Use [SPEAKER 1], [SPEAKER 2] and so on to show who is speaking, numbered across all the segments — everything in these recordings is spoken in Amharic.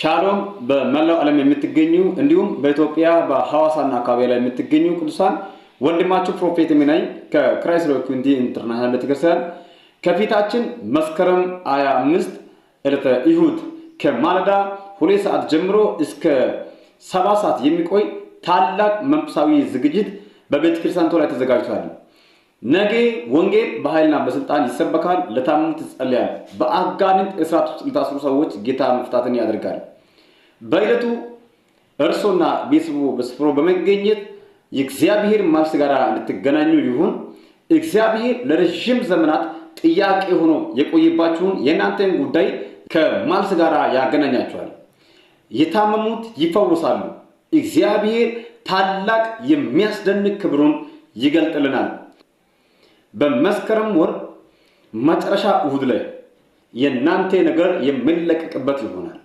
[SPEAKER 1] ሻሎም በመላው ዓለም የምትገኙ እንዲሁም በኢትዮጵያ በሐዋሳና አካባቢ ላይ የምትገኙ ቅዱሳን ወንድማችሁ ፕሮፌት ሚናይ ከክራይስት ሎኪንዲ ኢንተርናሽናል ቤተክርስቲያን ከፊታችን መስከረም 25 ዕለተ ኢሁድ ከማለዳ ሁለት ሰዓት ጀምሮ እስከ ሰባ ሰዓት የሚቆይ ታላቅ መንፈሳዊ ዝግጅት በቤተክርስቲያንቶ ላይ ተዘጋጅቷል። ነገ ወንጌል በኃይልና በስልጣን ይሰበካል። ለታመሙት ይጸለያል። በአጋንንት እስራት ውስጥ ለታሰሩ ሰዎች ጌታ መፍታትን ያደርጋል። በዕለቱ እርሶና ቤተሰቦ በስፍሮ በመገኘት የእግዚአብሔር ማልስ ጋር እንድትገናኙ ይሁን። እግዚአብሔር ለረዥም ዘመናት ጥያቄ ሆኖ የቆየባችሁን የእናንተን ጉዳይ ከማልስ ጋር ያገናኛችኋል። የታመሙት ይፈወሳሉ። እግዚአብሔር ታላቅ የሚያስደንቅ ክብሩን ይገልጥልናል። በመስከረም ወር መጨረሻ እሁድ ላይ የእናንተ ነገር የሚለቀቅበት ይሆናል።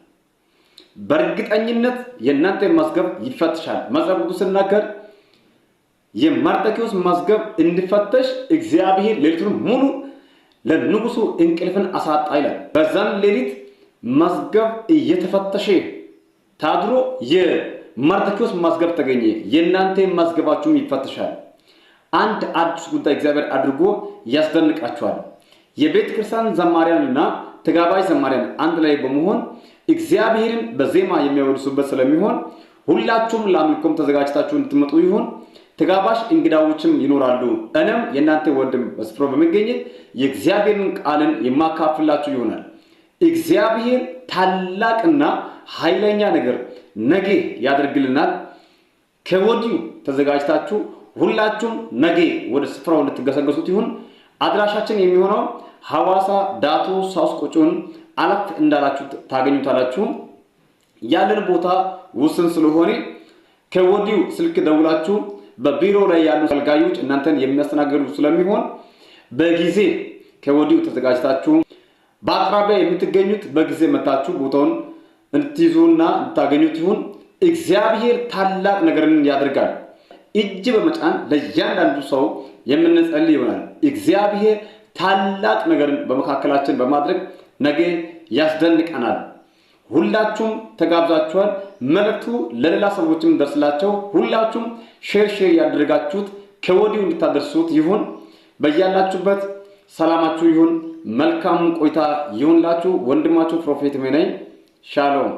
[SPEAKER 1] በእርግጠኝነት የእናንተ መዝገብ ይፈትሻል። መጽሐፍ ቅዱስ ስናገር የማርጠኪዎስ መዝገብ እንዲፈተሽ እግዚአብሔር ሌሊቱን ሙሉ ለንጉሱ እንቅልፍን አሳጣ ይላል። በዛን ሌሊት መዝገብ እየተፈተሸ ታድሮ የማርጠኪዎስ መዝገብ ተገኘ። የእናንተ መዝገባችሁም ይፈተሻል። አንድ አዲስ ጉዳይ እግዚአብሔር አድርጎ ያስደንቃቸዋል። የቤተ ክርስቲያን ዘማሪያንና ተጋባዥ ዘማሪያን አንድ ላይ በመሆን እግዚአብሔርን በዜማ የሚያወድሱበት ስለሚሆን ሁላችሁም ለአምልኮም ተዘጋጅታችሁ እንድትመጡ ይሁን። ተጋባሽ እንግዳዎችም ይኖራሉ። እኔም የእናንተ ወንድም በስፍራው በመገኘት የእግዚአብሔርን ቃልን የማካፍላችሁ ይሆናል። እግዚአብሔር ታላቅና ኃይለኛ ነገር ነገ ያደርግልናል። ከወዲሁ ተዘጋጅታችሁ ሁላችሁም ነገ ወደ ስፍራው ልትገሰገሱት ይሁን። አድራሻችን የሚሆነው ሐዋሳ ዳቶ ሳውስ ቆጮን አለፍ እንዳላችሁ ታገኙታላችሁ። ያለን ቦታ ውስን ስለሆነ ከወዲሁ ስልክ ደውላችሁ በቢሮ ላይ ያሉ አገልጋዮች እናንተን የሚያስተናግዱ ስለሚሆን በጊዜ ከወዲሁ ተዘጋጅታችሁ በአቅራቢያ የምትገኙት በጊዜ መታችሁ ቦታውን እንድትይዙና እንድታገኙት ይሁን። እግዚአብሔር ታላቅ ነገርን ያደርጋል። እጅ በመጫን ለእያንዳንዱ ሰው የምንጸልይ ይሆናል። እግዚአብሔር ታላቅ ነገርን በመካከላችን በማድረግ ነገ ያስደንቀናል። ሁላችሁም ተጋብዛችኋል። መልእክቱ ለሌላ ሰዎችም ደርስላቸው። ሁላችሁም ሼር ሼር ያደረጋችሁት ከወዲሁ እንድታደርሱት ይሁን። በያላችሁበት ሰላማችሁ ይሁን። መልካም ቆይታ ይሁንላችሁ። ወንድማችሁ ፕሮፌት ሜነኝ ሻሎም